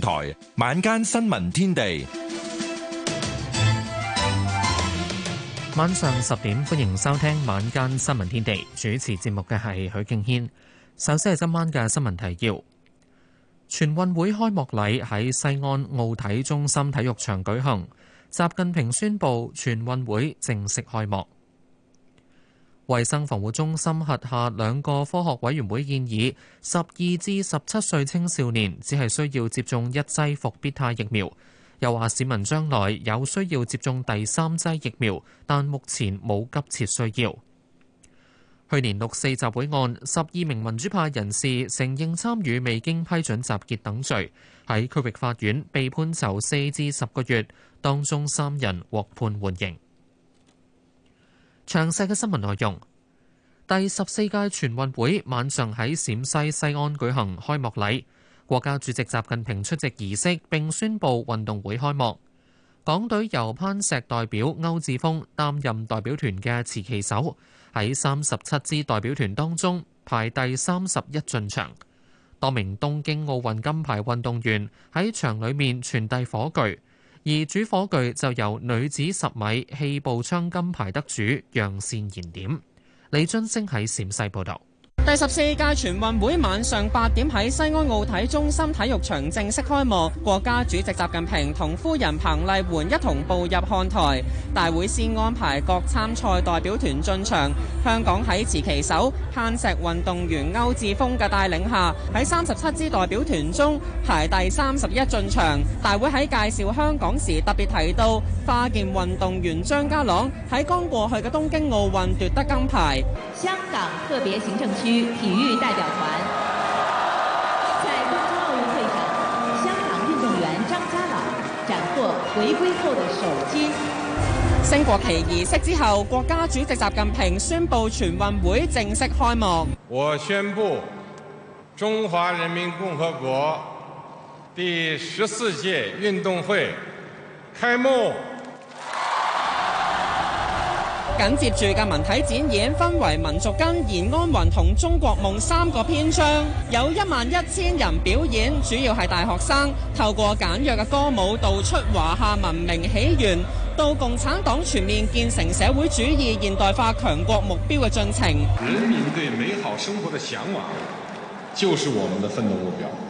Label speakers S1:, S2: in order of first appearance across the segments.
S1: 台晚間新聞天地，
S2: 晚上十點，歡迎收聽晚間新聞天地。主持節目嘅係許敬軒。首先係今晚嘅新聞提要：全運會開幕禮喺西安奧體中心體育場舉行，習近平宣布全運會正式開幕。衛生防護中心轄下兩個科學委員會建議，十二至十七歲青少年只係需要接種一劑復必泰疫苗。又話市民將來有需要接種第三劑疫苗，但目前冇急切需要。去年六四集會案，十二名民主派人士承認參與未經批准集結等罪，喺區域法院被判囚四至十個月，當中三人獲判緩刑。詳細嘅新聞內容，第十四屆全運會晚上喺陝西西安舉行開幕禮，國家主席習近平出席儀式並宣布運動會開幕。港隊由攀石代表歐智峰擔任代表團嘅持旗手，喺三十七支代表團當中排第三十一進場。多名東京奧運金牌運動員喺場裏面傳遞火炬。而主火炬就由女子十米氣步槍金牌得主楊倩燃點。李津升喺陝西報道。
S3: 十四屆
S4: 全運會晚上八點喺西安奧體中心體育場正式開幕，國家主席習近平同夫人彭麗媛一同步入看台。大會先安排各參賽代表團進場，香港喺持旗手攀石運動員歐智峰嘅帶領下，喺三十七支代表團中排第三十一進場。大會喺介紹香港時特別提到，花劍運動員張家朗喺剛過去嘅東京奧運奪得金牌。香港
S3: 特別行政區。
S4: 體育代表
S3: 團在東京奧運會上，香港運動員張家
S4: 朗斬獲回歸後的首金。升國旗儀式之後，國家主席習近平宣布全運會正式開幕。
S1: 我宣布中華人民共和國第十四屆運動會開幕。
S4: 緊接住嘅文體展演分為民族根、延安魂同中國夢三個篇章，有一萬一千人表演，主要係大學生，透過簡約嘅歌舞道出華夏文明起源到共產黨全面建成社會主義現代化強國目標嘅進程。
S5: 人民對美好生活的向往，
S1: 就是我們的奮鬥目標。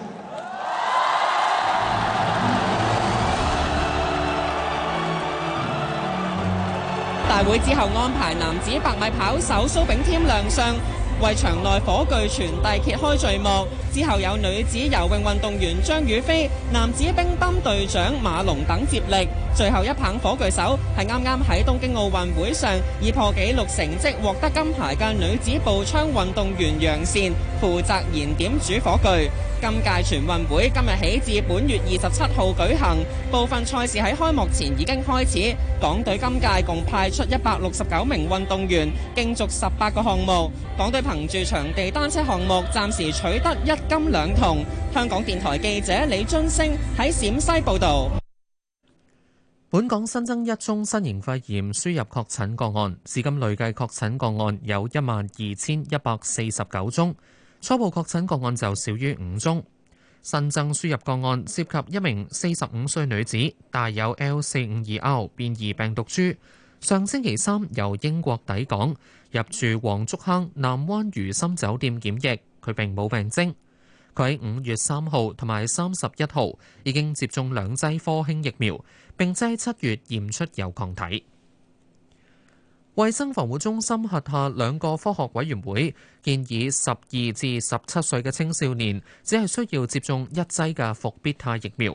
S4: 大會之後安排男子百米跑手蘇炳添亮相，為場內火炬傳遞揭開序幕。之後有女子游泳運動員張雨霏、男子乒乓隊長馬龍等接力。最後一棒火炬手係啱啱喺東京奧運會上以破紀錄成績獲得金牌嘅女子步槍運動員楊倩，負責燃點主火炬。今屆全運會今日起至本月二十七號舉行，部分賽事喺開幕前已經開始。港隊今屆共派出一百六十九名運動員，競逐十八個項目。港隊憑住場地單車項目，暫時取得一金兩銅。香港電台記者李津星喺陝西
S2: 報道。本港新增一宗新型肺炎輸入確診個案，至今累計確診個案有一萬二千一百四十九宗。初步確診個案就少於五宗，新增輸入個案涉及一名四十五歲女子，帶有 L 四五二 R 變異病毒株。上星期三由英國抵港，入住黃竹坑南灣如心酒店檢疫，佢並冇病徵。佢喺五月三號同埋三十一號已經接種兩劑科興疫苗，並喺七月驗出有抗體。衛生防護中心轄下兩個科學委員會建議，十二至十七歲嘅青少年只係需要接種一劑嘅復必泰疫苗。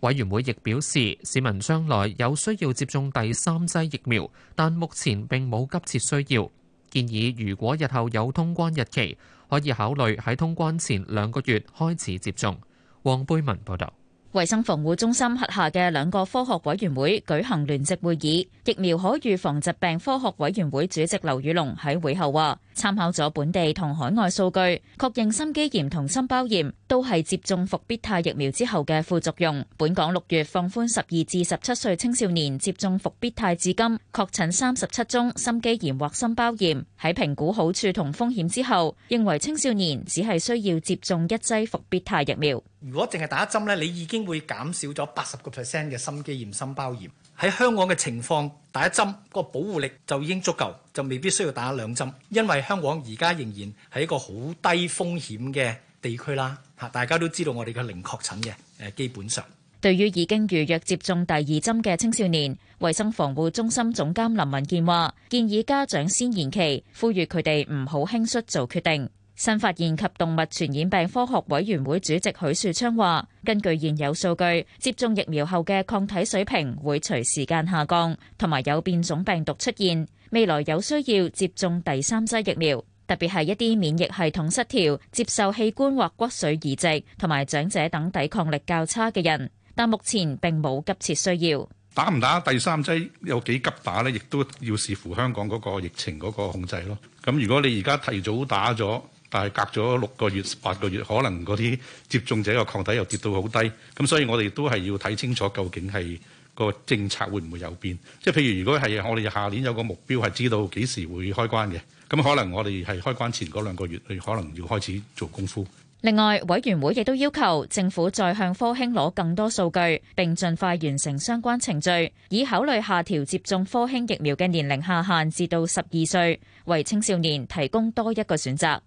S2: 委員會亦表示，市民將來有需要接種第三劑疫苗，但目前並冇急切需要，建議如果日後有通關日期，可以考慮喺通關前兩個月開始接種。黃貝文報道。
S3: 衛生防護中心轄下嘅兩個科學委員會舉行聯席會議，疫苗可預防疾病科學委員會主席劉宇龍喺會後話，參考咗本地同海外數據，確認心肌炎同心包炎都係接種復必泰疫苗之後嘅副作用。本港六月放寬十二至十七歲青少年接種復必泰，至今確診三十七宗心肌炎或心包炎。喺評估好處同風險之後，認為青少年只係需要接種一劑復必泰疫苗。
S6: 如果淨係打一針呢，你已經。會減少咗八十個 percent 嘅心肌炎、心包炎。喺香港嘅情況，打一針個保護力就已經足夠，就未必需要打兩針。因為香港而家仍然係一個好低風險嘅地區啦。吓，大家都知道我哋嘅零確診嘅，誒，基本上。
S3: 對於已經預約接種第二針嘅青少年，衛生防護中心總監林文健話，建議家長先延期，呼籲佢哋唔好輕率做決定。新發現及動物傳染病科學委員會主席許樹昌話，根據現有數據，接種疫苗後嘅抗體水平會隨時間下降，同埋有變種病毒出現，未來有需要接種第三劑疫苗，特別係一啲免疫系統失調、接受器官或骨髓移植同埋長者等抵抗力較差嘅人。但目前並冇急切需要。
S7: 打唔打第三劑有幾急打呢？亦都要視乎香港嗰個疫情嗰個控制咯。咁如果你而家提早打咗，但係隔咗六個月、八個月，可能嗰啲接種者個抗體又跌到好低咁，所以我哋都係要睇清楚，究竟係個政策會唔會有變？即係譬如，如果係我哋下年有個目標係知道幾時會開關嘅，咁可能我哋係開關前嗰兩個月，你可能要開始做功夫。
S3: 另外，委員會亦都要求政府再向科興攞更多數據，並盡快完成相關程序，以考慮下調接種科興疫苗嘅年齡下限至到十二歲，為青少年提供多一個選擇。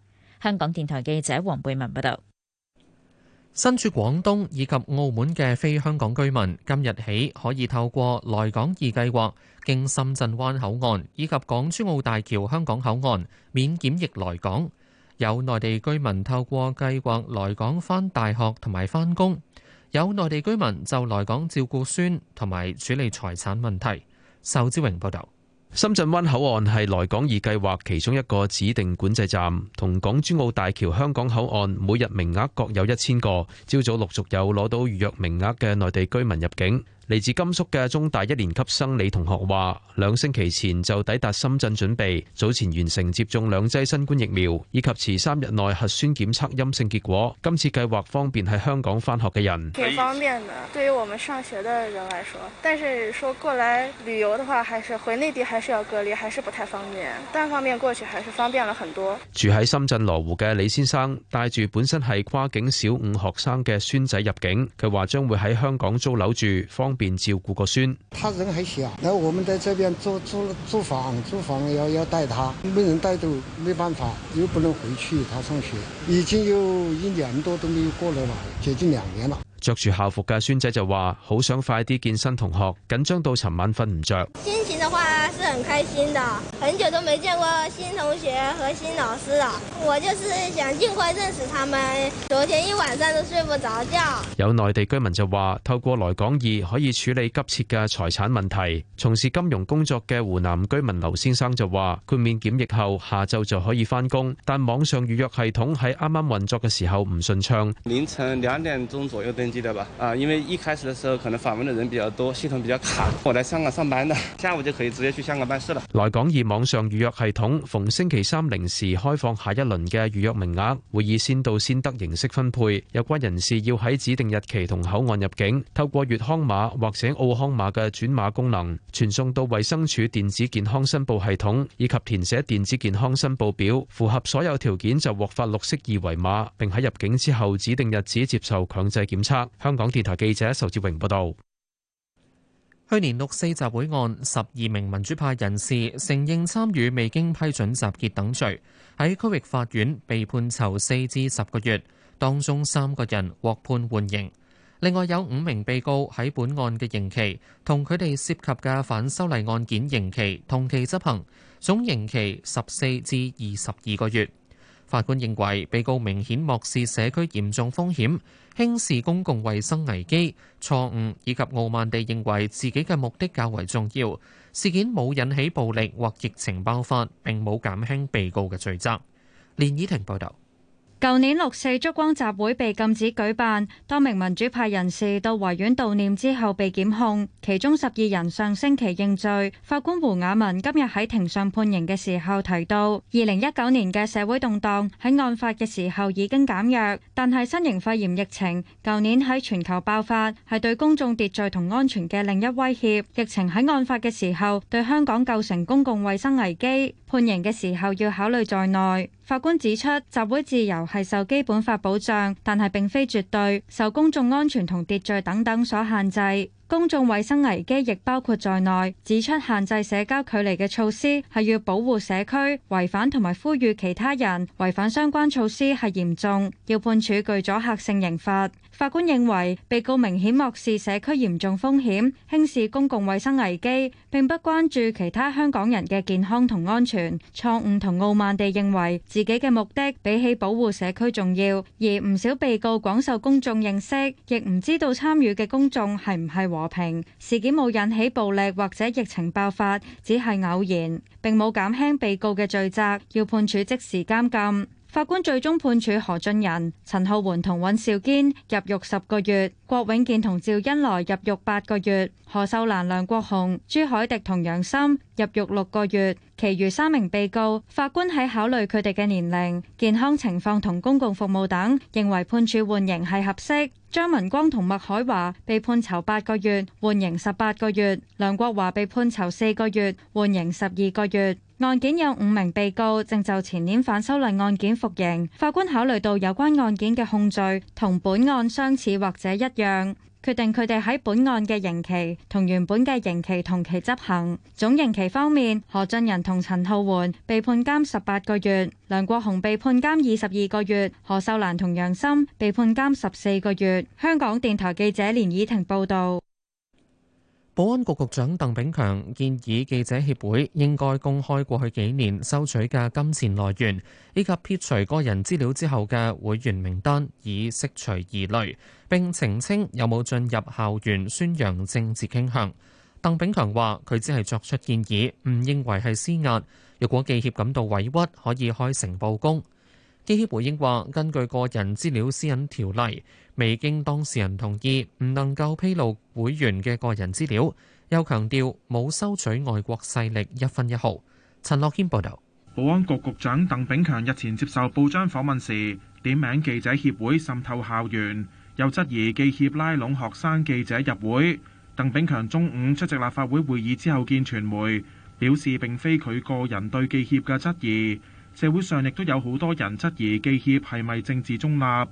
S3: 香港電台記者黃貝文報道：
S2: 身處廣東以及澳門嘅非香港居民，今日起可以透過來港易計劃，經深圳灣口岸以及港珠澳大橋香港口岸免檢疫來港。有內地居民透過計劃來港返大學同埋返工，有內地居民就來港照顧孫同埋處理財產問題。仇志榮報道。深圳灣
S8: 口岸係來港易計劃其中一個指定管制站，同港珠澳大橋香港口岸每日名額各有一千個，朝早陸續有攞到預約名額嘅內地居民入境。嚟自甘肅嘅中大一年級生李同學話，兩星期前就抵達深圳準備，早前完成接種兩劑新冠疫苗，以及持三日內核酸檢測陰性結果。今次計劃方便喺香港翻學嘅人。挺方
S9: 便的，對於我們上學嘅人來說，但是說過來旅遊的話，還是回內地還是要隔離，還是不太方便。單方面過去還是方便了很多。
S8: 住喺深圳羅湖嘅李先生帶住本身係跨境小五學生嘅孫仔入境，佢話將會喺香港租樓住，方。便照顧個孫，
S10: 他人還小，然後我們在這邊租租租房，租房要要帶他，沒人帶都，沒辦法，又不能回去，他上學，已經有一年多都沒有過來了，接近兩年了。
S8: 着住校服嘅孫仔就話：好想快啲見新同學，緊張到尋晚瞓唔着。
S11: 心情的話是很開心的，很久都沒見過新同學和新老師啦，我就是想盡快認
S9: 識他們。昨天一晚上都睡不着覺。
S8: 有內地居民就話：透過來港易可以處理急切嘅財產問題。從事金融工作嘅湖南居民劉先生就話：豁免檢疫後，下晝就可以翻工，但網上預約系統喺啱啱運作嘅時候唔順暢。
S10: 凌晨兩點鐘左右登。記得吧？啊，因為一開始的時候可能訪問的人比較多，系統比較卡。我嚟香港上班的，下午就可以直接去香港辦事了。
S8: 來港易網上預約系統，逢星期三零時開放下一輪嘅預約名額，會以先到先得形式分配。有關人士要喺指定日期同口岸入境，透過粵康碼或者澳康碼嘅轉碼功能，傳送到衛生署電子健康申報系統，以及填寫電子健康申報表，符合所有條件就獲發綠色二維碼，並喺入境之後指定日子接受強制檢測。香港電台記者仇志榮報道。
S2: 去年六四集會案，十二名民主派人士承認參與未經批准集結等罪，喺區域法院被判囚四至十個月，當中三個人獲判緩刑。另外有五名被告喺本案嘅刑期同佢哋涉及嘅反修例案件刑期同期執行，總刑期十四至二十二個月。法官認為，被告明顯漠視社區嚴重風險，輕視公共衛生危機錯誤，以及傲慢地認為自己嘅目的較為重要。事件冇引起暴力或疫情爆發，並冇減輕被告嘅罪責。連綺婷報道。
S12: 舊年六四燭光集會被禁止舉辦，多名民主派人士到維園悼念之後被檢控，其中十二人上星期認罪。法官胡雅文今日喺庭上判刑嘅時候提到，二零一九年嘅社會動盪喺案發嘅時候已經減弱，但係新型肺炎疫情舊年喺全球爆發，係對公眾秩序同安全嘅另一威脅。疫情喺案發嘅時候對香港構成公共衛生危機，判刑嘅時候要考慮在內。法官指出，集會自由係受基本法保障，但係並非絕對，受公眾安全同秩序等等所限制。公眾衛生危機亦包括在內，指出限制社交距離嘅措施係要保護社區，違反同埋呼籲其他人違反相關措施係嚴重，要判處具阻嚇性刑罰。法官認為，被告明顯漠視社區嚴重風險，輕視公共衛生危機，並不關注其他香港人嘅健康同安全，錯誤同傲慢地認為自己嘅目的比起保護社區重要。而唔少被告廣受公眾認識，亦唔知道參與嘅公眾係唔係和平。事件冇引起暴力或者疫情爆發，只係偶然，並冇減輕被告嘅罪責，要判處即時監禁。法官最終判處何俊仁、陳浩桓同尹兆堅入獄十個月，郭永健同趙恩來入獄八個月，何秀蘭、梁國雄、朱凱迪同楊森入獄六個月。其餘三名被告，法官喺考慮佢哋嘅年齡、健康情況同公共服務等，認為判處緩刑係合適。張文光同麥海華被判囚八個月，緩刑十八個月；梁國華被判囚四個月，緩刑十二個月。案件有五名被告正就前年反修例案件服刑，法官考慮到有關案件嘅控罪同本案相似或者一樣，決定佢哋喺本案嘅刑期同原本嘅刑期同期執行。總刑期方面，何俊仁同陳浩桓被判監十八個月，梁國雄被判監二十二個月，何秀蘭同楊森被判監十四個月。香港電台記者連以婷報道。
S2: 保安局局長鄧炳強建議記者協會應該公開過去幾年收取嘅金錢來源，以及撇除個人資料之後嘅會員名單，以釋除疑慮，並澄清有冇進入校園宣揚政治傾向。鄧炳強話：佢只係作出建議，唔認為係施壓。若果記協感到委屈，可以開誠布公。記協回應話：根據個人資料私隱條例，未經當事人同意，唔能夠披露會員嘅個人資料。又強調冇收取外國勢力一分一毫。陳樂謙報道，
S13: 保安局局長鄧炳強日前接受報章訪問時，點名記者協會滲透校園，又質疑記協拉攏學生記者入會。鄧炳強中午出席立法會會議之後見傳媒，表示並非佢個人對記協嘅質疑。社會上亦都有好多人質疑記協係咪政治中立，佢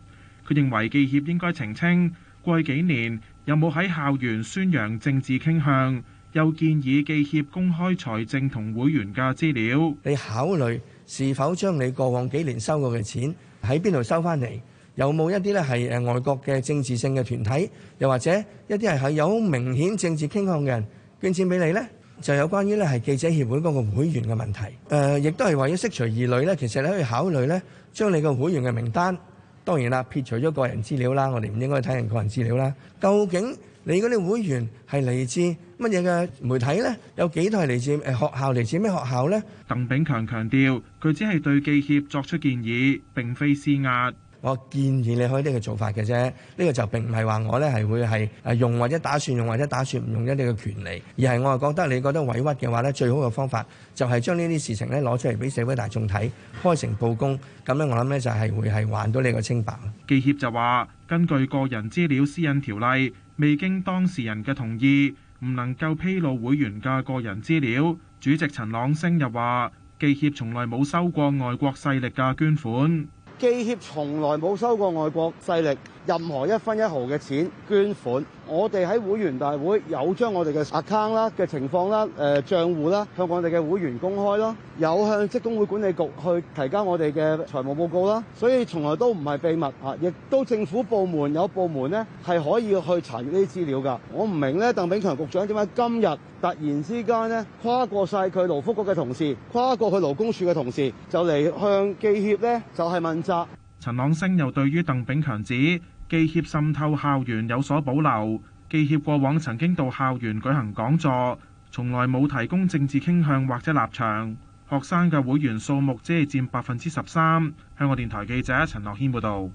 S13: 認為記協應該澄清過去幾年有冇喺校園宣揚政治傾向，又建議記協公開財政同會員嘅資料。你考慮是否將你過往幾年收過嘅錢喺邊度收
S11: 返嚟？有冇一啲呢係誒外國嘅政治性嘅團體，又或者一啲係係有明顯政治傾向嘅人捐錢俾你呢？就有關於呢係記者協會嗰個會員嘅問題，誒亦都係為咗釋除疑慮呢，其實你可以考慮呢，將你個會員嘅名單，當然啦，撇除咗個人資料啦，我哋唔應該睇人個人資料啦。究竟你嗰啲會員係嚟自乜嘢嘅媒體呢？有幾多係嚟自誒學校，嚟自咩學校
S13: 呢？鄧炳強強調，佢只係對記協作出建議，並非施壓。我建議你可以呢個做法嘅啫，呢、這個就並唔係話我呢係會係誒，用或者打
S11: 算用或者打算唔用一啲嘅權利，而係我係覺得你覺得委屈嘅話呢，最好嘅方法就係將呢啲事情呢攞出嚟俾社會大眾睇，開誠佈公，咁樣我諗呢就係、是、會係還到你個清白。
S13: 記協就話，根據個人資料私隱條例，未經當事人嘅同意，唔能夠披露會員嘅個人資料。主席陳朗昇又話，記協從來冇收過外國勢力嘅捐款。
S10: 記協從來冇收過外國勢力。任何一分一毫嘅錢捐款，我哋喺會員大會有將我哋嘅 account 啦嘅情況啦、誒賬戶啦，戶向我哋嘅會員公開咯，有向職工會管理局去提交我哋嘅財務報告啦，所以從來都唔係秘密啊！亦都政府部門有部門呢係可以去查閲呢啲資料㗎。我唔明咧，鄧炳強局長點解今日突然之間呢跨過晒佢勞福局嘅同事，跨過去勞工處嘅同事，就嚟向記協呢，就係、是、問責。陳朗星
S13: 又對於鄧炳強指記協滲透校園有所保留。記協過往曾經到校園舉行講座，從來冇提供政治傾向或者立場。學生嘅會員數目只係佔百分之十三。香港電台記者陳樂軒報導。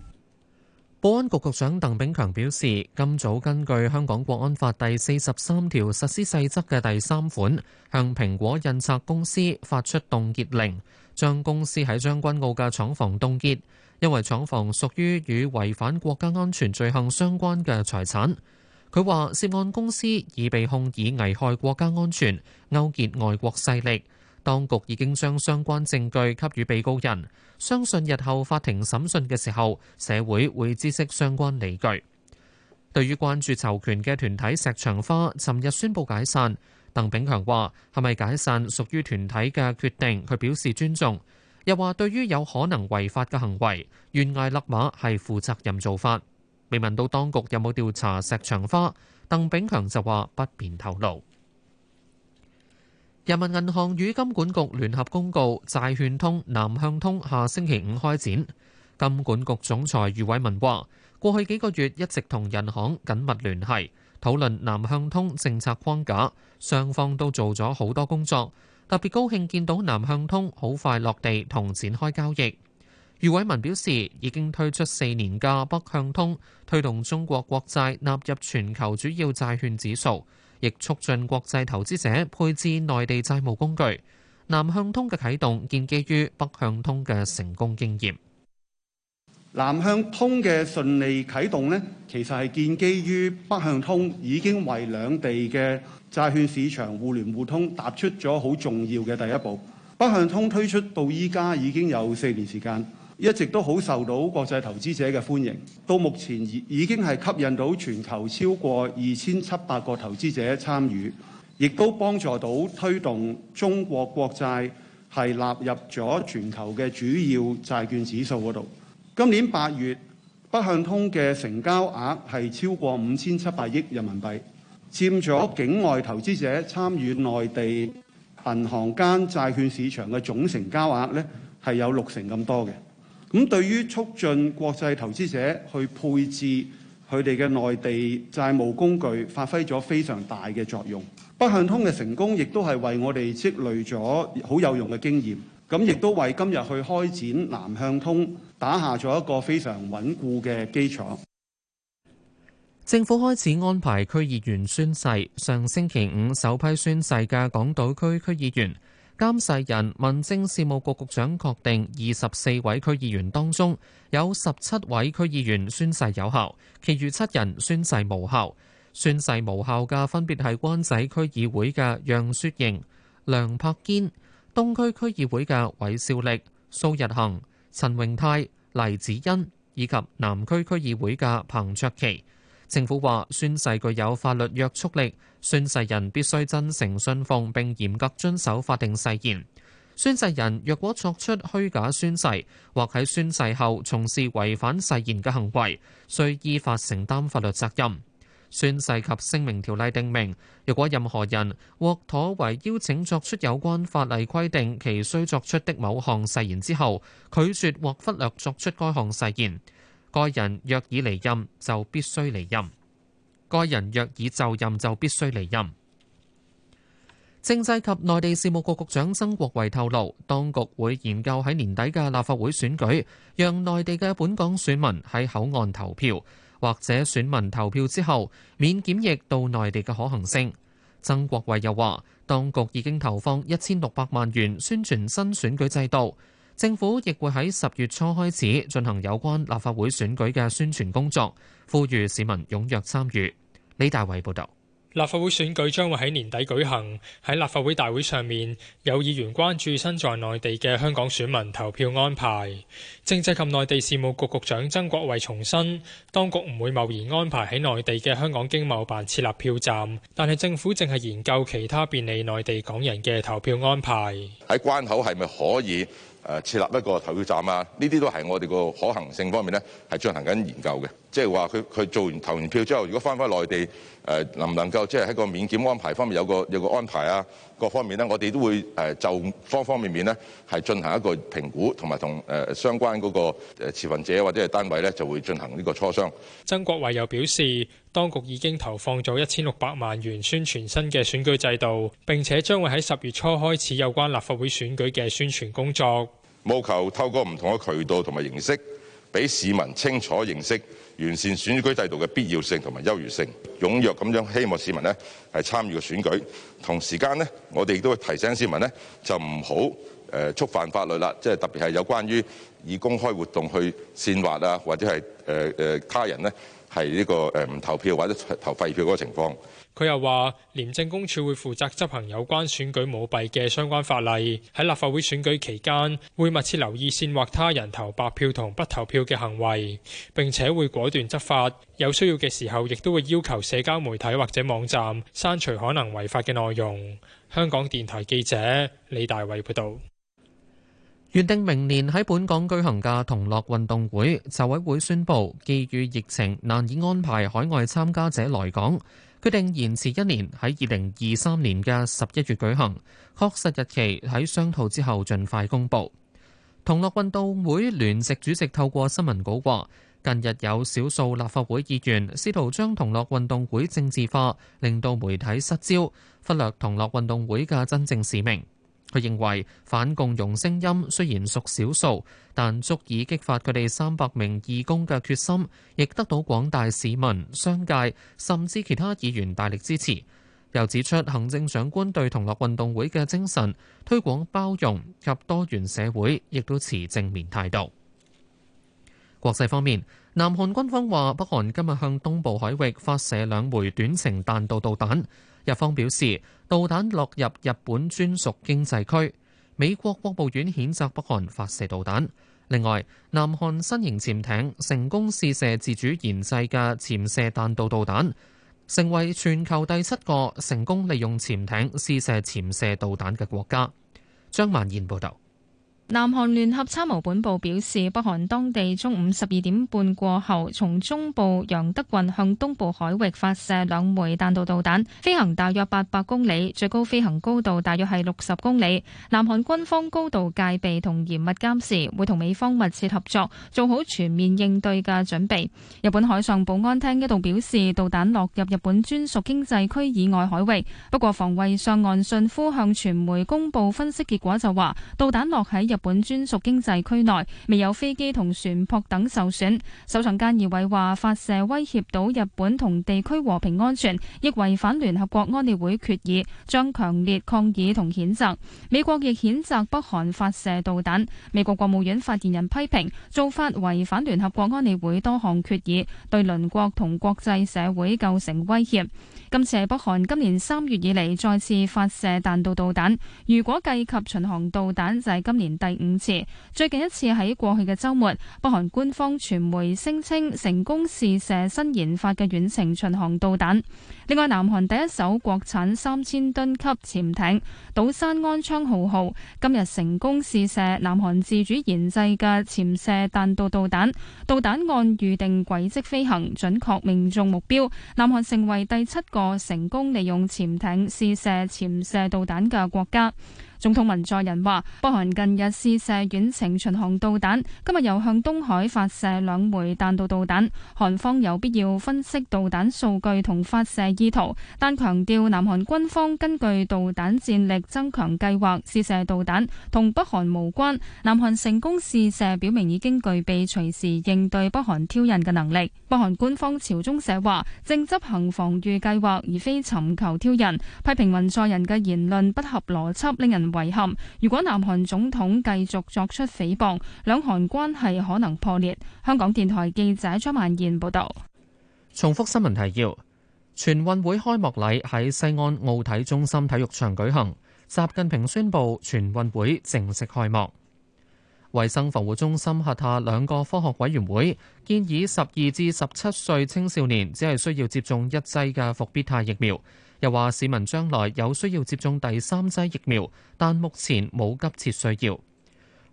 S13: 保安局局長鄧炳強表示，今早根據《香港國安法》
S2: 第四十三條實施細則嘅第三款，向蘋果印刷公司發出凍結令，將公司喺將軍澳嘅廠房凍結。因為廠房屬於與違反國家安全罪行相關嘅財產，佢話涉案公司已被控以危害國家安全、勾結外國勢力，當局已經將相關證據給予被告人，相信日後法庭審訊嘅時候，社會會會知悉相關理據。對於關注囚權嘅團體石牆花，尋日宣布解散，鄧炳強話係咪解散屬於團體嘅決定，佢表示尊重。又話對於有可能違法嘅行為，懸崖勒馬係負責任做法。未問到當局有冇調查石牆花，鄧炳強就話不便透露。人民銀行與金管局聯合公告，債券通南向通下星期五開展。金管局總裁余偉文話：過去幾個月一直同人行緊密聯繫，討論南向通政策框架，雙方都做咗好多工作。特別高興見到南向通好快落地同展開交易。余偉文表示，已經推出四年嘅北向通，推動中國國債納入全球主要債券指數，亦促進國際投資者配置內地債務工具。南向通嘅啟動建基於北向通嘅成功經驗。
S10: 南向通嘅順利啟動呢，其實，係建基於北向通已經為兩地嘅債券市場互聯互通踏出咗好重要嘅第一步。北向通推出到依家已經有四年時間，一直都好受到國際投資者嘅歡迎。到目前已已經係吸引到全球超過二千七百個投資者參與，亦都幫助到推動中國國債係納入咗全球嘅主要債券指數嗰度。今年八月，北向通嘅成交額係超過五千七百億人民幣，佔咗境外投資者參與內地銀行間債券市場嘅總成交額呢係有六成咁多嘅。咁對於促進國際投資者去配置佢哋嘅內地債務工具，發揮咗非常大嘅作用。北向通嘅成功，亦都係為我哋積累咗好有用嘅經驗，咁亦都為今日去開展南向通，打下咗一個非常穩固嘅基礎。
S2: 政府開始安排區議員宣誓。上星期五首批宣誓嘅港島區區議員，監誓人民政事務局局長確定，二十四位區議員當中有十七位區議員宣誓有效，其餘七人宣誓無效。宣誓無效嘅分別係灣仔區議會嘅楊雪盈、梁柏堅，東區區議會嘅韋少力、蘇日恒。陳榮泰、黎子欣以及南區區議會嘅彭卓祺，政府話宣誓具有法律約束力，宣誓人必須真誠信奉並嚴格遵守法定誓言。宣誓人若果作出虛假宣誓，或喺宣誓後從事違反誓言嘅行為，需依法承擔法律責任。宣誓及聲明條例定明：「若果任何人獲妥為邀請作出有關法例規定其須作出的某項誓言之後，拒絕或忽略作出該項誓言，該人若已離任就必須離任；該人若已就任就必須離任。政制及內地事務局局長曾國衛透露，當局會研究喺年底嘅立法會選舉，讓內地嘅本港選民喺口岸投票。或者選民投票之後免檢疫到內地嘅可行性，曾國衛又話，當局已經投放一千六百萬元宣傳新選舉制度，政府亦會喺十月初開始進行有關立法會選舉嘅宣傳工作，呼籲市民踴躍參與。李大偉報導。
S5: 立法會選舉將會喺年底舉行，喺立法會大會上面，有議員關注身在內地嘅香港選民投票安排。政制及內地事務局局長曾國衛重申，當局唔會貿然安排喺內地嘅香港經貿辦設立票站，但係政府正係研究其他便利內地港人嘅投票安排。
S1: 喺關口係咪可以誒設立一個投票站啊？呢啲都係我哋個可行性方面呢，係進行緊研究嘅。即係話佢佢做完投完票之後，如果翻返內地誒，能唔能夠即係喺個免檢安排方面有個有個安排啊？各方面呢，我哋都會誒就方方面面呢，係進行一個評估，同埋同誒相關嗰個持份者或者係單位呢，就會進行呢個磋商。
S5: 曾國衛又表示，當局已經投放咗一千六百萬元宣傳新嘅選舉制度，並且將會喺十月初開始有關立法會選舉嘅宣傳工作，
S1: 務求透過唔同嘅渠道同埋形式，俾市民清楚認識完善選舉制度嘅必要性同埋優越性，踴躍咁樣希望市民呢係參與個選舉，同時間呢，我哋亦都會提醒市民呢，就唔好誒觸犯法律啦，即係特別係有關於以公開活動去煽惑啊，或者係誒誒他人呢係呢個誒唔呃投票或者投廢票嗰個情況。
S5: 佢又話，廉政公署會負責執行有關選舉舞弊嘅相關法例，喺立法會選舉期間會密切留意煽惑他人投白票同不投票嘅行為，並且會果斷執法。有需要嘅時候，亦都會要求社交媒體或者網站刪除可能違法嘅內容。香港電台記者李大衛報導。
S2: 原定明年喺本港舉行嘅同樂運動會籌委會宣布，基於疫情難以安排海外參加者來港。決定延遲一年，喺二零二三年嘅十一月舉行，確實日期喺商討之後盡快公佈。同樂運動會聯席主席透過新聞稿話：近日有少數立法會議員試圖將同樂運動會政治化，令到媒體失焦，忽略同樂運動會嘅真正使命。佢認為反共融聲音雖然屬少數，但足以激發佢哋三百名義工嘅決心，亦得到廣大市民、商界甚至其他議員大力支持。又指出，行政長官對同樂運動會嘅精神、推廣包容及多元社會，亦都持正面態度。國際方面。南韓軍方話，北韓今日向東部海域發射兩枚短程彈道導彈。日方表示，導彈落入日本專屬經濟區。美國國務院譴責北韓發射導彈。另外，南韓新型潛艇成功試射自主研製嘅潛射彈道導彈，成為全球第七個成功利用潛艇試射潛射導彈嘅國家。張萬燕報道。
S9: 南韓聯合參謀本部表示，北韓當地中午十二點半過後，從中部楊德郡向東部海域發射兩枚彈道導彈，飛行大約八百公里，最高飛行高度大約係六十公里。南韓軍方高度戒備同嚴密監視，會同美方密切合作，做好全面應對嘅準備。日本海上保安廳一度表示，導彈落入日本專屬經濟區以外海域，不過防衛相岸信夫向傳媒公佈分析結果就話，導彈落喺日。日本專屬經濟區內未有飛機同船舶等受損。首相菅義偉話發射威脅到日本同地區和平安全，亦違反聯合國安理會決議，將強烈抗議同譴責。美國亦譴責北韓發射導彈。美國國務院發言人批評做法違反聯合國安理會多項決議，對鄰國同國際社會構成威脅。今次係北韓今年三月以嚟再次發射彈道導彈，如果計及巡航導彈，就係今年第五次。最近一次喺過去嘅週末，北韓官方傳媒聲稱成功試射新研發嘅遠程巡航導彈。另外，南韓第一艘國產三千噸級潛艇「島山安昌浩號」今日成功試射南韓自主研製嘅潛射彈道導彈，導彈按預定軌跡飛行，準確命中目標。南韓成為第七個成功利用潛艇試射潛射導彈嘅國家。總統文在寅話：北韓近日試射遠程巡航導彈，今日又向東海發射兩枚彈道導彈。韓方有必要分析導彈數據同發射意圖，但強調南韓軍方根據導彈戰力增強計劃試射導彈，同北韓無關。南韓成功試射表明已經具備隨時應對北韓挑釁嘅能力。北韓官方朝中社話：正執行防禦計劃，而非尋求挑釁。批評文在寅嘅言論不合邏輯，令人遺憾，如果南韓總統繼續作出誹謗，兩韓關係可能破裂。香港電台記者張萬燕報導。
S2: 重複新聞提要：全運會開幕禮喺西安奧體中心體育場舉行，習近平宣布全運會正式開幕。衛生防護中心轄下兩個科學委員會建議，十二至十七歲青少年只係需要接種一劑嘅伏必泰疫苗。又話市民將來有需要接種第三劑疫苗，但目前冇急切需要。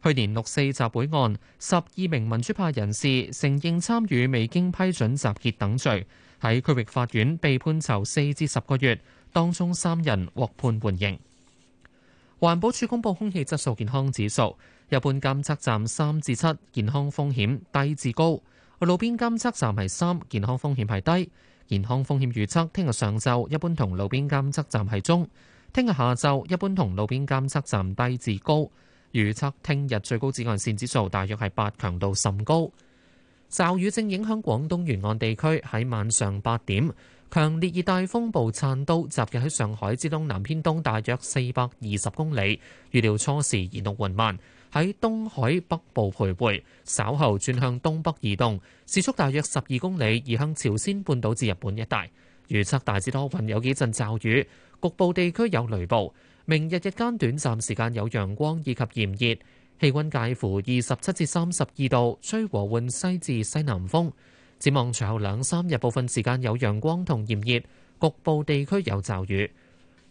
S2: 去年六四集會案，十二名民主派人士承認參與未經批准集結等罪，喺區域法院被判囚四至十個月，當中三人獲判緩刑。環保署公布空氣質素健康指數，一般監測站三至七，健康風險低至高；路邊監測站係三，健康風險係低。健康風險預測：聽日上晝一般同路邊監測站係中；聽日下晝一般同路邊監測站低至高。預測聽日最高紫外線指數大約係八，強度甚高。驟雨正影響廣東沿岸地區，喺晚上八點，強烈熱帶風暴燦都集結喺上海之東南偏東大約四百二十公里，預料初時移動緩慢。喺東海北部徘徊，稍後轉向東北移動，時速大約十二公里，移向朝鮮半島至日本一帶。預測大致多雲，有幾陣驟雨，局部地區有雷暴。明日日間短暫時間有陽光以及炎熱，氣温介乎二十七至三十二度，吹和緩西至西南風。展望隨後兩三日，部分時間有陽光同炎熱，局部地區有驟雨。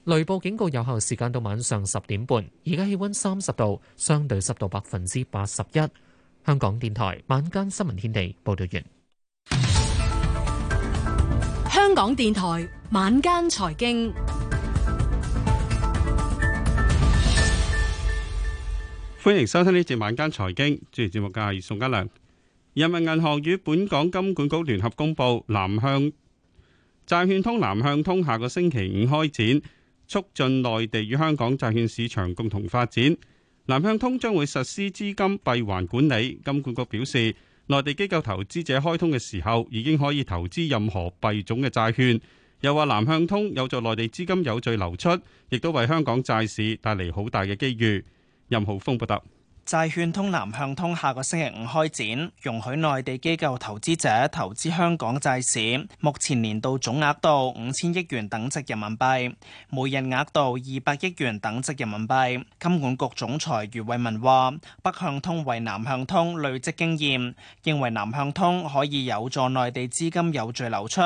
S2: 雷暴警告有效時間到晚上十點半。而家氣溫三十度，相對濕度百分之八十一。香港電台晚間新聞天地報道
S9: 完。香港電台晚間財經，
S7: 歡迎收聽呢節晚間財經，主持節目嘅係宋家良。人民銀行與本港金管局聯合公布南向債券通南向通下個星期五開展。促進內地與香港債券市場共同發展，南向通將會實施資金閉環管理。金管局表示，內地機構投資者開通嘅時候，已經可以投資任何幣種嘅債券。又話南向通有助內地資金有序流出，亦都為香港債市帶嚟好大嘅機遇。任浩峰報道。
S6: 債券通南向通下個星期五開展，容許內地機構投資者投資香港債市。目前年度總額度五千億元等值人民幣，每人額度二百億元等值人民幣。金管局總裁余偉文話，北向通為南向通累積經驗，認為南向通可以有助內地資金有序流出，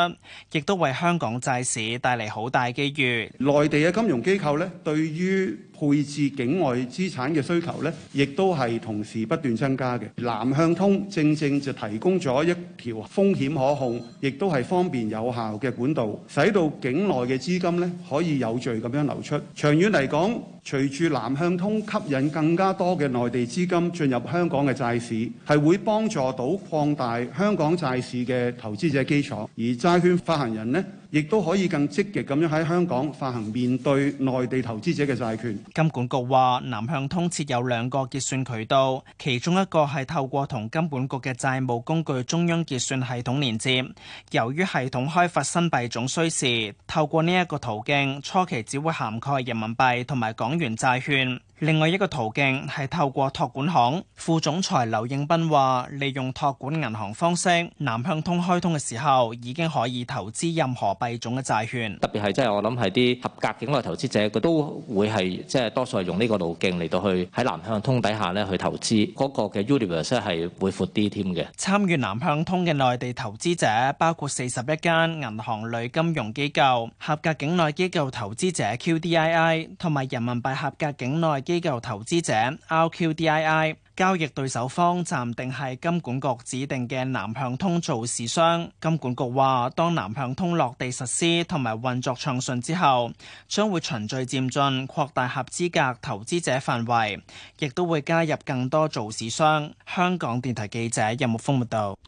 S6: 亦都為香港債市帶嚟好大機遇。
S10: 內地嘅金融機構咧，對於配置境外資產嘅需求呢，亦都係同時不斷增加嘅。南向通正正就提供咗一條風險可控，亦都係方便有效嘅管道，使到境內嘅資金呢可以有序咁樣流出。長遠嚟講，隨住南向通吸引更加多嘅內地資金進入香港嘅債市，係會幫助到擴大香港債市嘅投資者基礎，而債券發行人呢，亦都可以更積極咁樣喺香港發行面對內地投資者嘅債券。金管局話南向通設有
S6: 兩個結算渠道，其中一個係透過同金管局嘅債務工具中央結算系統連接。由於系統開發新幣種需時，透過呢一個途徑初期只會涵蓋人民幣同埋港元債券。另外一個途徑係透過託管行。副總裁劉應斌話，利用託管銀行方式，南向通開通嘅時候已經可以投資任何幣種嘅債券。
S2: 特別係即係我
S11: 諗係啲合格境內投資者，佢都會係。即係多數係用呢個路徑嚟到去喺南向通底下咧去投資，嗰個嘅 universe 係會闊啲添嘅。參與南向通
S6: 嘅內地投資者包括四十一間銀行類金融機構、合格境內機構投資者 QDII，同埋人民幣合格境內機構投資者 RQDII。交易對手方暫定係金管局指定嘅南向通做市商。金管局話，當南向通落地實施同埋運作暢順之後，將會循序漸進擴大合資格投資者範圍，亦都會加入更多做市商。香港電台記者任木峯報道。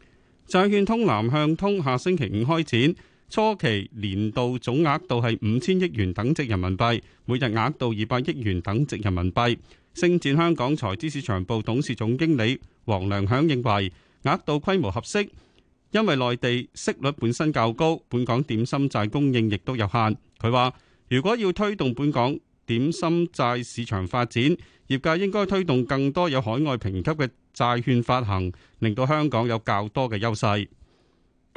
S7: 債券通南向通下星期五開展。初期年度總額度係五千億元等值人民幣，每日額度二百億元等值人民幣。星展香港財資市場部董事總經理黃良響認為額度規模合適，因為內地息率本身較高，本港點心債供應亦都有限。佢話：如果要推動本港點心債市場發展，業界應該推動更多有海外評級嘅債券發行，令到香港有較多嘅優勢。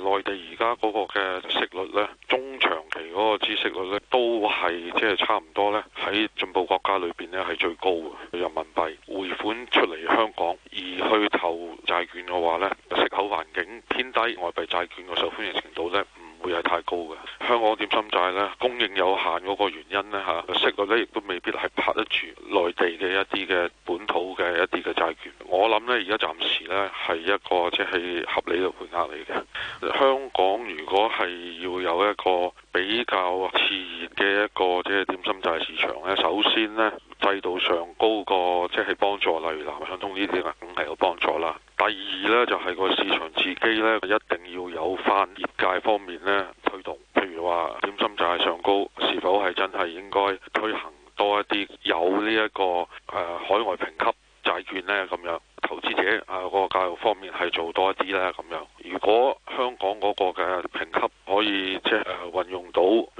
S14: 內地而家嗰個嘅息率呢，中長期嗰個孳息率呢，都係即係差唔多呢。喺進步國家裏邊呢，係最高嘅人民幣匯款出嚟香港而去投債券嘅話呢，息口環境偏低，外幣債券嘅受歡迎程度呢。會係太高嘅。香港點心債呢，供應有限嗰個原因呢，嚇，息率呢亦都未必係拍得住內地嘅一啲嘅本土嘅一啲嘅債券。我諗呢，而家暫時呢係一個即係、就是、合理嘅賠額嚟嘅。香港如果係要有一個比較熾熱嘅一個即係、就是、點心債市場呢，首先呢，制度上高個即係幫助，例如南向通呢啲啊，梗係有幫助啦。第二呢，就係、是、個市場自己呢，一定要有返業界方面呢推動。譬如話點心債上高，是否係真係應該推行多一啲有呢、這、一個誒、呃、海外評級債券呢？咁樣投資者啊，呃那個教育方面係做多一啲呢。咁樣如果香港嗰個嘅評級可以即係、就是呃、運用到。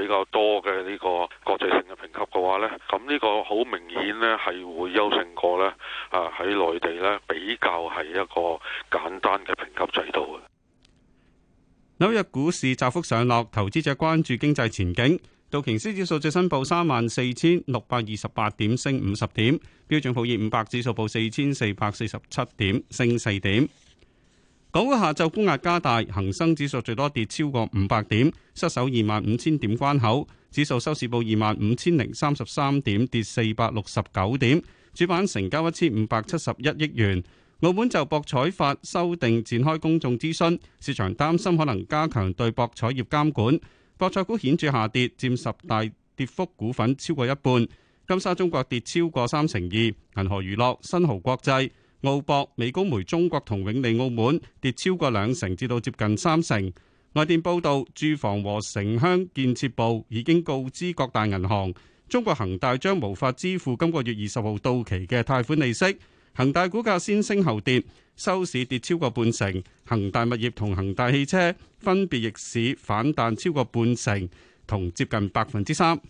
S7: 今日股市窄幅上落，投資者關注經濟前景。道瓊斯指數最新報三萬四千六百二十八點，升五十點；標準普爾五百指數報四千四百四十七點，升四點。港股下晝沽壓加大，恒生指數最多跌超過五百點，失守二萬五千點關口。指數收市報二萬五千零三十三點，跌四百六十九點。主板成交一千五百七十一億元。澳門就博彩法修訂展開公眾諮詢，市場擔心可能加強對博彩業監管，博彩股顯著下跌，佔十大跌幅股份超過一半。金沙中國跌超過三成二，銀河娛樂、新濠國際、澳博、美高梅中國同永利澳門跌超過兩成，至到接近三成。外電報道，住房和城鄉建設部已經告知各大銀行，中國恒大將無法支付今個月二十號到期嘅貸款利息。恆大股價先升後跌，收市跌超過半成。恆大物業同恆大汽車分別逆市反彈超過半成，同接近百分之三。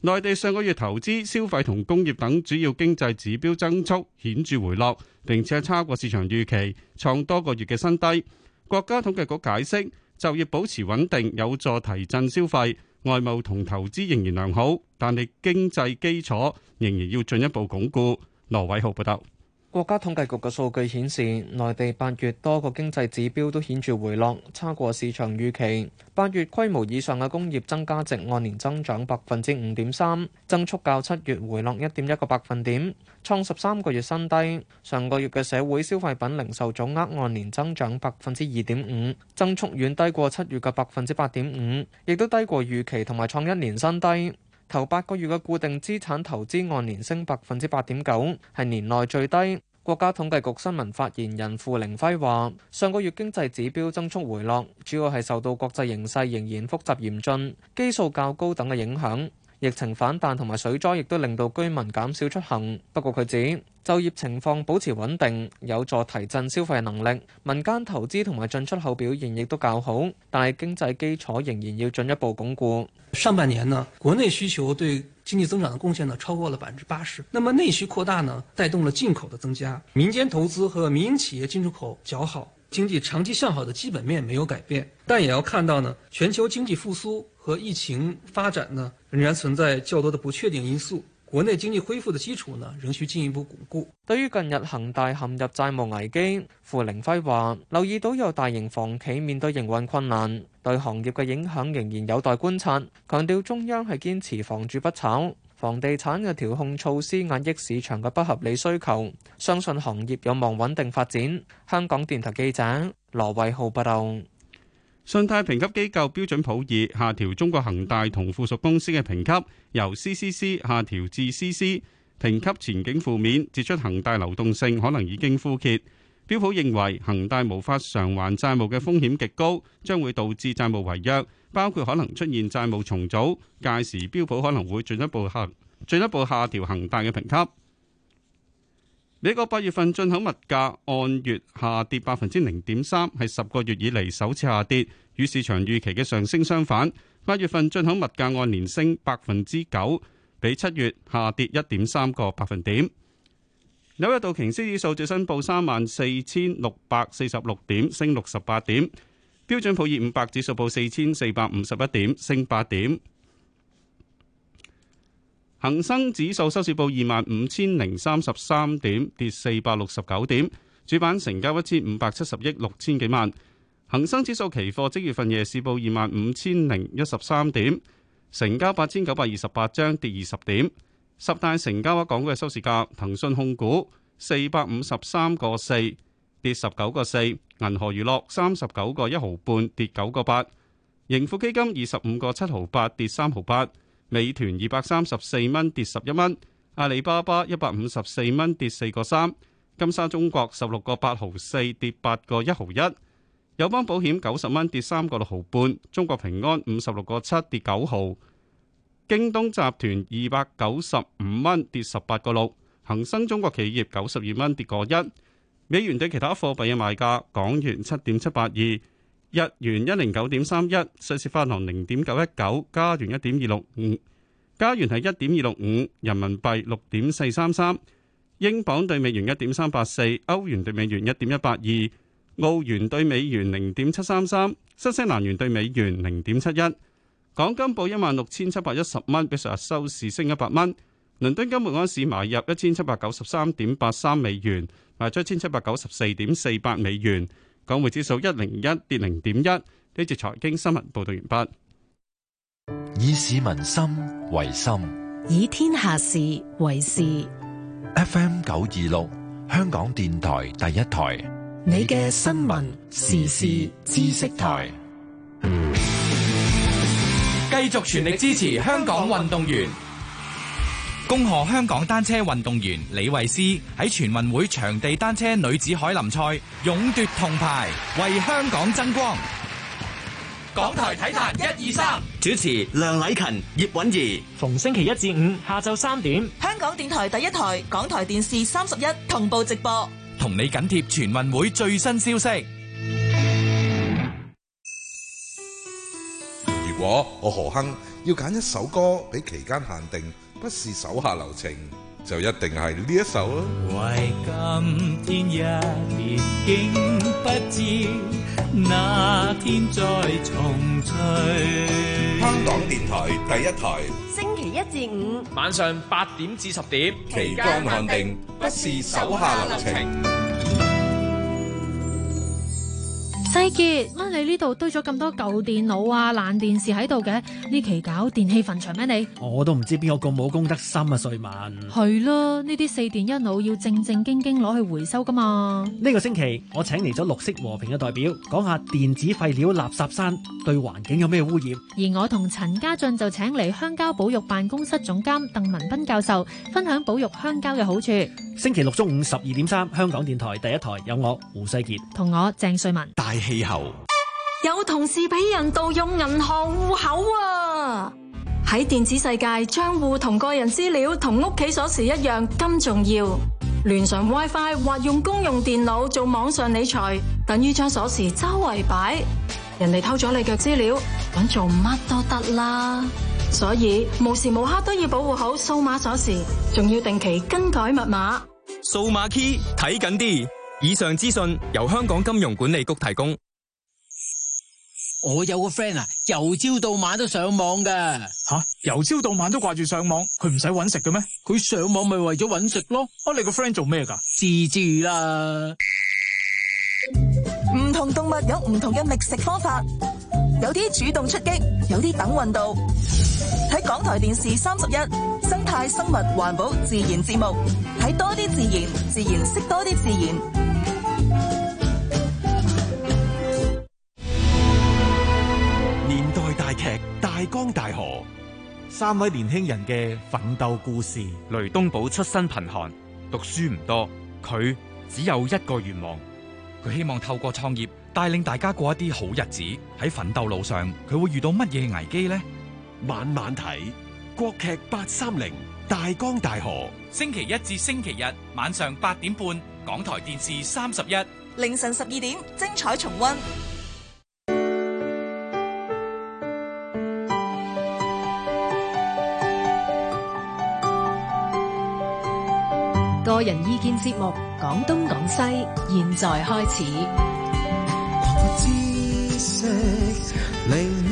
S7: 內地上個月投資、消費同工業等主要經濟指標增速顯著回落，並且差過市場預期，創多個月嘅新低。國家統計局解釋，就業保持穩定，有助提振消費。外貿同投資仍然良好，但係經濟基礎仍然要進一步鞏固。羅偉浩報道。
S11: 國家統計局嘅數據顯示，內地八月多個經濟指標都顯著回落，差過市場預期。八月規模以上嘅工業增加值按年增長百分之五點三，增速較七月回落一點一個百分點，創十三個月新低。上個月嘅社會消費品零售總額按年增長百分之二點五，增速遠低過七月嘅百分之八點五，亦都低過預期同埋創一年新低。頭八個月嘅固定資產投資按年升百分之八點九，係年內最低。國家統計局新聞發言人傅玲輝話，上個月經濟指標增速回落，主要係受到國際形勢仍然複雜嚴峻、基數較高等嘅影響。疫情反彈同埋水災亦都令到居民減少出行。不過佢指就業情況保持穩定，有助提振消費能力。民間投資同埋進出口表現亦都較好，但係經濟基礎仍然要進一步鞏固。上半年呢，國內需求對經濟增長的貢獻呢超過了百分之八十。那麼內需擴大呢，帶動了進口的增加，民間投資和民營企業進出口較好。經濟長期向好的基本面沒有改變，但也要看到呢，全球經濟復甦和疫情發展呢，仍然存在較多的不確定因素。國內經濟恢復的基礎呢，仍需進一步鞏固。對於近日恒大陷入債務危機，傅凌輝話：留意到有大型房企面對營運困、困難，對行業嘅影響仍然有待觀察。強調中央係堅持房住不炒。房地產嘅調控措施壓抑市場嘅不合理需求，相信行業有望穩定發展。香港電
S7: 台記者羅偉浩報道：，信貸評級機構標準普爾下調中國恒大同附屬公司嘅評級，由 CCC 下調至 CC。評級前景負面，指出恒大流動性可能已經枯竭。標普認為恒大無法償還債務嘅風險極高，將會導致債務違約。包括可能出現債務重組，屆時標普可能會進一步下進一步下調恒大嘅評級。美國八月份進口物價按月下跌百分之零點三，係十個月以嚟首次下跌，與市場預期嘅上升相反。八月份進口物價按年升百分之九，比七月下跌一點三個百分點。紐約道瓊斯指數最新報三萬四千六百四十六點，升六十八點。標準普爾五百指數報四千四百五十一點，升八點。恒生指數收市報二萬五千零三十三點，跌四百六十九點。主板成交一千五百七十億六千幾萬。恒生指數期貨即月份夜市報二萬五千零一十三點，成交八千九百二十八張，跌二十點。十大成交額港股嘅收市價，騰訊控股四百五十三個四，跌十九個四。銀河娛樂三十九個一毫半，跌九個八，盈富基金二十五個七毫八，跌三毫八，美團二百三十四蚊，跌十一蚊，阿里巴巴一百五十四蚊，跌四個三，金沙中國十六個八毫四，跌八個一毫一，友邦保險九十蚊，跌三個六毫半，中國平安五十六個七，跌九毫，京東集團二百九十五蚊，跌十八個六，恒生中國企業九十二蚊，跌個一。美元對其他貨幣嘅賣價：港元七點七八二，日元一零九點三一，瑞士法郎零點九一九，加元一點二六五，加元係一點二六五，人民幣六點四三三，英鎊對美元一點三八四，歐元對美元一點一八二，澳元對美元零點七三三，新西蘭元對美元零點七一。港金報一萬六千七百一十蚊，比上日收市升一百蚊。倫敦金每安士買入一千七百九十三點八三美元，賣出一千七百九十四點四八美元。港匯指數一零一跌零點一。呢節財經新聞報道完畢。以市民心為心，
S9: 以天下事為事。
S5: F M 九二六，香港電台第一台，
S3: 你嘅
S5: 新聞時事知識台，繼續
S11: 全力支持香港運動員。恭賀香港單
S8: 車運動員李慧詩喺全運會場地單車女子海林賽勇奪
S11: 銅牌，為香港爭光。
S4: 港台體壇一二
S11: 三，主持梁禮勤、葉韻儀，逢星期一至五下晝三點，
S3: 香港電台第一台、港台電視三十一同步直播，
S11: 同你緊貼全運會最新
S8: 消
S1: 息。如果我何亨要揀一首歌俾期間限定。不是手下留情，就一定係呢一首咯。為今天一別，竟
S11: 不知那天再重聚。
S8: 香港電台第一台，
S6: 星期一至五
S8: 晚上八點至十點，
S11: 期間限定。不是手下留情。
S9: 世杰，乜你呢度堆咗咁多舊電腦啊、爛電視喺度嘅？呢期搞電器墳場咩？你？
S6: 我都唔知邊個咁冇公德心啊！瑞文
S9: 係囉，呢啲四電一腦要正正經經攞去回收噶嘛。
S6: 呢個星期我請嚟咗綠色和平嘅代表，講下電子廢料垃圾山對環境有咩污染。
S9: 而我同陳家俊就請嚟香蕉保育辦公室總監鄧文斌教授，分享保育香蕉嘅好處。
S6: 星期六中午十二點三，3，香港電台第一台有我胡世杰同
S11: 我鄭瑞文。氣候
S9: 有同事俾人盜用銀行戶口啊！喺電子世界，賬戶同個人資料同屋企鎖匙一樣咁重要。連上 WiFi 或用公用電腦做網上理財，等於將鎖匙周圍擺，人哋偷咗你嘅資料，搵做乜都得啦。所以無時無刻都要保護好數碼鎖匙，仲要定期更改密碼。
S11: 數碼 key 睇緊啲。以上資訊由香港金融管理局提供。我有個 friend 啊，由朝到晚都上網噶吓，由朝到晚都掛住上網，佢唔使搵食嘅咩？佢上網咪為咗搵食咯。啊，你個 friend 做咩噶？蜘蛛啦。
S3: 唔同動物有唔同嘅覓食方法，有啲主動出擊，有啲等運到。睇港台電視三十一生態、生物、環保、自然節目，睇多啲自然，自然識多啲自然。
S10: 大江大河，三位年輕人嘅奮鬥故事。雷東寶出
S8: 身貧寒，讀書唔多，佢只有一個願望，佢希望透過創業帶領大家過一啲好日子。喺奮鬥路上，佢會遇到乜嘢危機
S10: 呢？慢慢睇。國劇八三零，大江大河。
S8: 星期一至星期日晚上八點半，港台電視三十一，
S3: 凌晨十二點，
S9: 精彩重溫。個人意見節目《講東講西》，現在開始。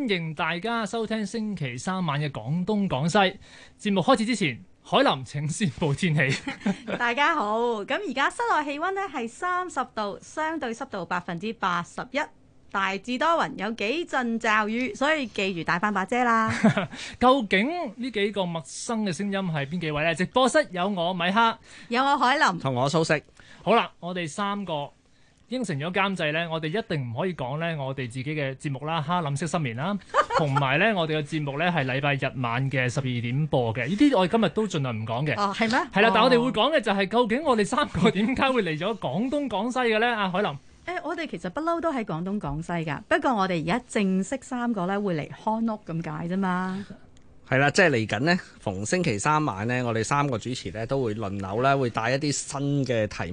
S5: 歡迎大家收聽星期三晚嘅廣東廣西節目。開始之前，海林請先報天氣。
S12: 大家好，咁而家室內氣溫咧係三十度，相對濕度百分之八十一，大致多雲，有幾陣驟雨，所以記住帶翻把遮啦。
S5: 究竟呢幾個陌生嘅聲音係邊幾位呢？直播室有我米克，
S12: 有我海林，
S5: 同我蘇軾。好啦，我哋三個。應承咗監製咧，我哋一定唔可以講咧，我哋自己嘅節目啦，《哈林色失眠》啦，同埋咧，我哋嘅節目咧係禮拜日晚嘅十二點播嘅，呢啲我今日都盡量唔講嘅。哦、啊，係咩？係啦，但係我哋會講嘅就係究竟我哋三個點解會嚟咗廣東， 廣東廣西嘅咧？阿、啊、海林。誒、
S12: 欸，我哋其實不嬲都喺廣東廣西㗎，不過我哋而家正式三個咧會嚟康屋咁解啫嘛。係啦，即係嚟緊
S11: 呢
S9: 逢星期三晚咧，我哋三個主持咧都會輪流咧，會帶一啲新嘅題。